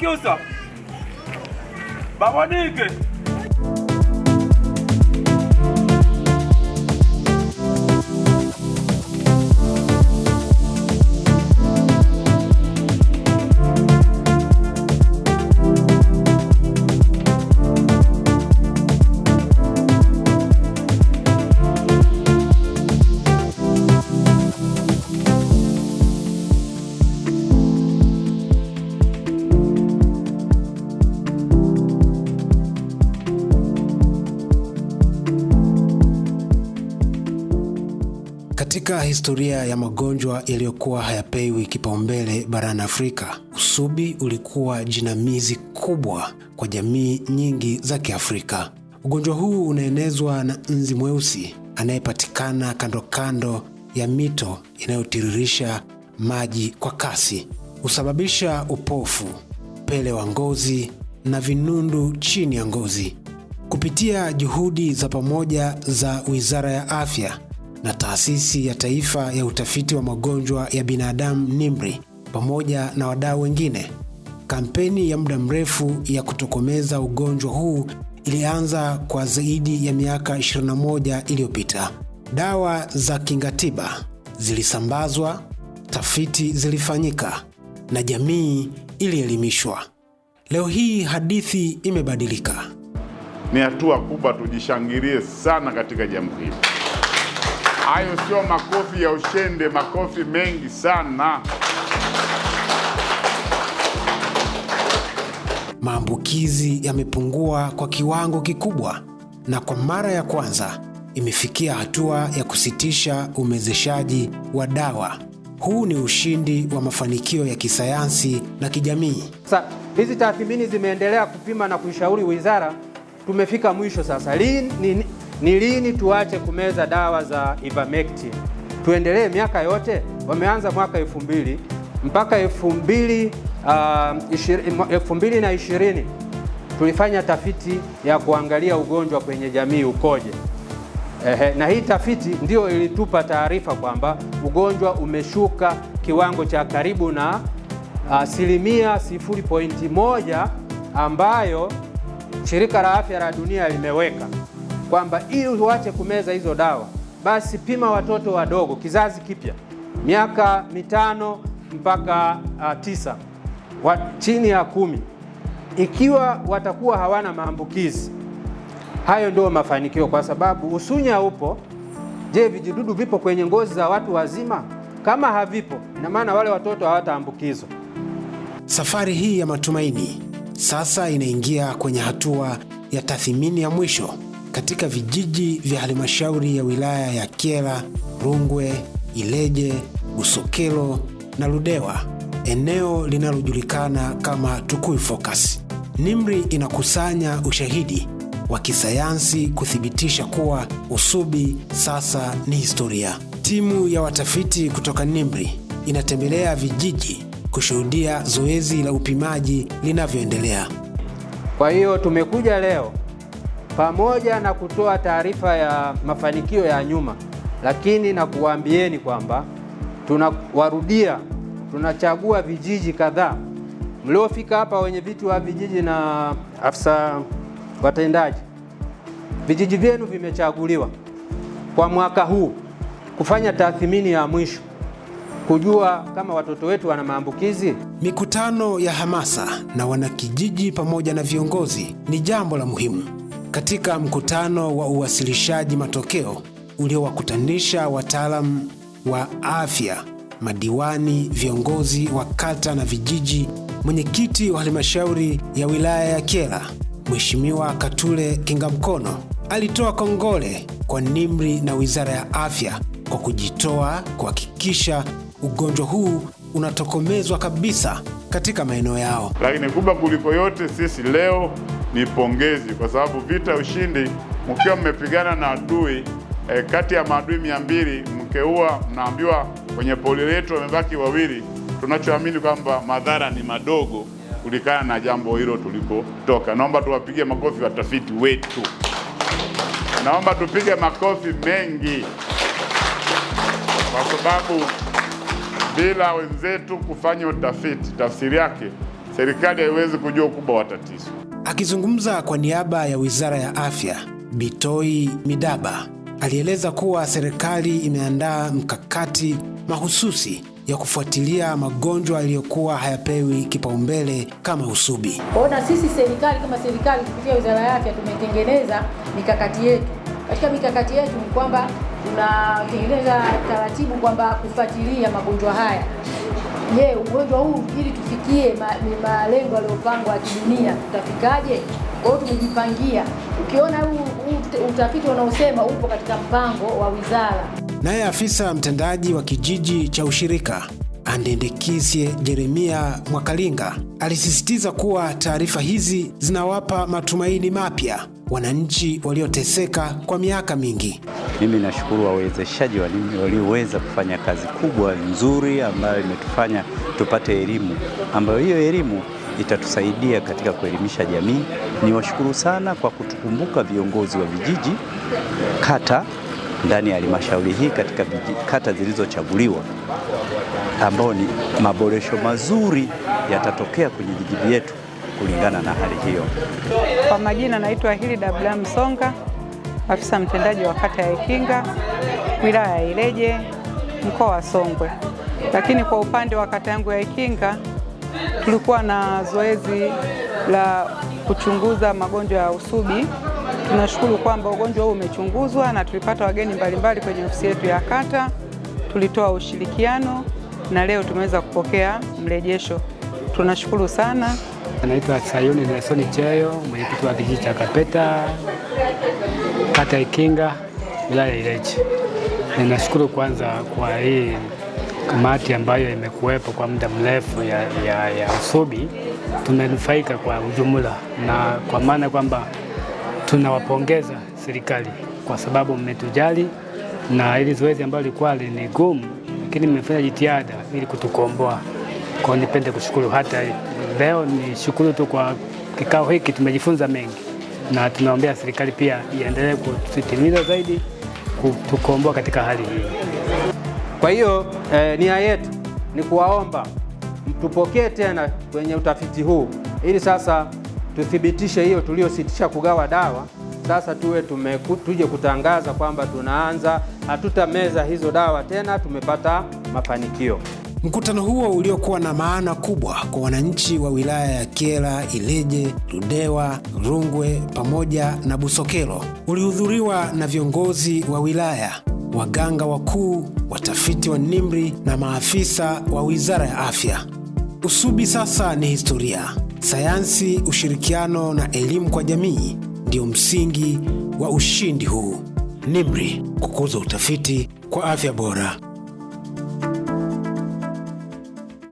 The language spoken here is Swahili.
kiuso babonike Katika historia ya magonjwa yaliyokuwa hayapewi kipaumbele barani Afrika, usubi ulikuwa jinamizi kubwa kwa jamii nyingi za Kiafrika. Ugonjwa huu unaenezwa na nzi mweusi anayepatikana kando kando ya mito inayotiririsha maji kwa kasi. Husababisha upofu, upele wa ngozi na vinundu chini ya ngozi. Kupitia juhudi za pamoja za Wizara ya Afya na Taasisi ya Taifa ya Utafiti wa Magonjwa ya Binadamu NIMRI pamoja na wadau wengine. Kampeni ya muda mrefu ya kutokomeza ugonjwa huu ilianza kwa zaidi ya miaka 21 iliyopita. Dawa za kingatiba zilisambazwa, tafiti zilifanyika na jamii ilielimishwa. Leo hii hadithi imebadilika. Ni hatua kubwa, tujishangilie sana katika jambo hili. Hayo sio makofi ya ushende, makofi mengi sana. Maambukizi yamepungua kwa kiwango kikubwa na kwa mara ya kwanza imefikia hatua ya kusitisha umezeshaji wa dawa. Huu ni ushindi wa mafanikio ya kisayansi na kijamii. Sasa hizi tathmini zimeendelea kupima na kuishauri wizara, tumefika mwisho sasa. Lini ni lini tuache kumeza dawa za ivermectin? Tuendelee miaka yote? Wameanza mwaka elfu mbili mpaka elfu mbili uh, na ishirini tulifanya tafiti ya kuangalia ugonjwa kwenye jamii ukoje. Ehe, na hii tafiti ndiyo ilitupa taarifa kwamba ugonjwa umeshuka kiwango cha karibu na asilimia uh, sifuri pointi moja ambayo shirika la afya la dunia limeweka kwamba ili uache kumeza hizo dawa, basi pima watoto wadogo, kizazi kipya, miaka mitano mpaka uh, tisa wa, chini ya kumi, ikiwa watakuwa hawana maambukizi hayo ndio mafanikio, kwa sababu usunya upo. Je, vijidudu vipo kwenye ngozi za watu wazima? Kama havipo, ina maana wale watoto hawataambukizwa. Safari hii ya matumaini sasa inaingia kwenye hatua ya tathmini ya mwisho katika vijiji vya halmashauri ya wilaya ya Kyela, Rungwe, Ileje, Busokelo na Ludewa, eneo linalojulikana kama Tukuyu Focus. NIMR inakusanya ushahidi wa kisayansi kuthibitisha kuwa usubi sasa ni historia. Timu ya watafiti kutoka NIMR inatembelea vijiji kushuhudia zoezi la upimaji linavyoendelea. Kwa hiyo tumekuja leo pamoja na kutoa taarifa ya mafanikio ya nyuma, lakini na kuwaambieni kwamba tunawarudia, tunachagua vijiji kadhaa mliofika hapa, wenye viti wa vijiji na afisa watendaji, vijiji vyenu vimechaguliwa kwa mwaka huu kufanya tathmini ya mwisho kujua kama watoto wetu wana maambukizi. Mikutano ya hamasa na wanakijiji pamoja na viongozi ni jambo la muhimu katika mkutano wa uwasilishaji matokeo uliowakutanisha wataalam wa afya, madiwani, viongozi wa kata na vijiji, mwenyekiti wa halmashauri ya wilaya ya Kyela Mheshimiwa Katule Kingamkono alitoa kongole kwa nimri na Wizara ya Afya kwa kujitoa kuhakikisha ugonjwa huu unatokomezwa kabisa katika maeneo yao. Lakini kubwa kuliko yote, sisi leo ni pongezi, kwa sababu vita ushindi, mkiwa mmepigana na adui e, kati ya maadui mia mbili mkeua, mnaambiwa kwenye poli letu wamebaki wawili. Tunachoamini kwamba madhara ni madogo kulikana na jambo hilo tulipotoka. Naomba tuwapige makofi watafiti wetu, naomba tupige makofi mengi, kwa sababu bila wenzetu kufanya utafiti, tafsiri yake serikali haiwezi kujua ukubwa wa tatizo. Akizungumza kwa niaba ya Wizara ya Afya, Bitoi Midaba alieleza kuwa serikali imeandaa mkakati mahususi ya kufuatilia magonjwa yaliyokuwa hayapewi kipaumbele kama usubi. na sisi serikali kama serikali kupitia Wizara ya Afya tumetengeneza mikakati yetu. Katika mikakati yetu ni kwamba tunatengeneza taratibu kwamba kufuatilia magonjwa haya Je, yeah, ugonjwa huu ili tufikie malengo yaliyopangwa ya kidunia tutafikaje? Kwa hiyo tumejipangia. Ukiona huu utafiti unaosema upo katika mpango wa wizara. Naye afisa mtendaji wa kijiji cha ushirika andendekizie Jeremia Mwakalinga alisisitiza kuwa taarifa hizi zinawapa matumaini mapya wananchi walioteseka kwa miaka mingi. Mimi nashukuru wawezeshaji walioweza kufanya kazi kubwa nzuri ambayo imetufanya tupate elimu ambayo hiyo elimu itatusaidia katika kuelimisha jamii. Niwashukuru sana kwa kutukumbuka viongozi wa vijiji, kata ndani ya halmashauri hii katika kata zilizochaguliwa ambao ni maboresho mazuri yatatokea kwenye vijiji vyetu kulingana na hali hiyo. Kwa majina naitwa Hilda Bla Msonga, afisa mtendaji wa kata ya Ikinga, wilaya ya Ileje, mkoa wa Songwe. Lakini kwa upande wa kata yangu ya Ikinga tulikuwa na zoezi la kuchunguza magonjwa ya usubi. Tunashukuru kwamba ugonjwa huu umechunguzwa na tulipata wageni mbalimbali kwenye ofisi yetu ya kata, tulitoa ushirikiano na leo tumeweza kupokea mrejesho, tunashukuru sana. Anaitwa Sayuni Nasoni Cheyo, mwenyekiti wa kijiji cha Kapeta, kata Ikinga, wilaya ya Ileje. Ninashukuru kwanza kwa hii kamati ambayo imekuwepo kwa muda mrefu ya, ya, ya Usubi. Tumenufaika kwa ujumla, na kwa maana kwamba tunawapongeza serikali kwa sababu mmetujali na hili zoezi ambalo lilikuwa ni gumu lakini mmefanya jitihada ili kutukomboa. Kwa nipende kushukuru hata leo, ni shukuru tu kwa kikao hiki, tumejifunza mengi na tunaombea serikali pia iendelee kutitimiza zaidi kutukomboa katika hali hii. Kwa hiyo eh, nia yetu ni kuwaomba mtupokee tena kwenye utafiti huu ili sasa tuthibitishe hiyo tuliyositisha kugawa dawa sasa tuwe tumeku, tuje kutangaza kwamba tunaanza, hatutameza hizo dawa tena, tumepata mafanikio. Mkutano huo uliokuwa na maana kubwa kwa wananchi wa wilaya ya Kyela, Ileje, Ludewa, Rungwe pamoja na Busokelo ulihudhuriwa na viongozi wa wilaya, waganga wakuu, watafiti wa nimri na maafisa wa Wizara ya Afya. Usubi sasa ni historia, sayansi, ushirikiano na elimu kwa jamii ndio msingi wa ushindi huu. NIMR, kukuza utafiti kwa afya bora.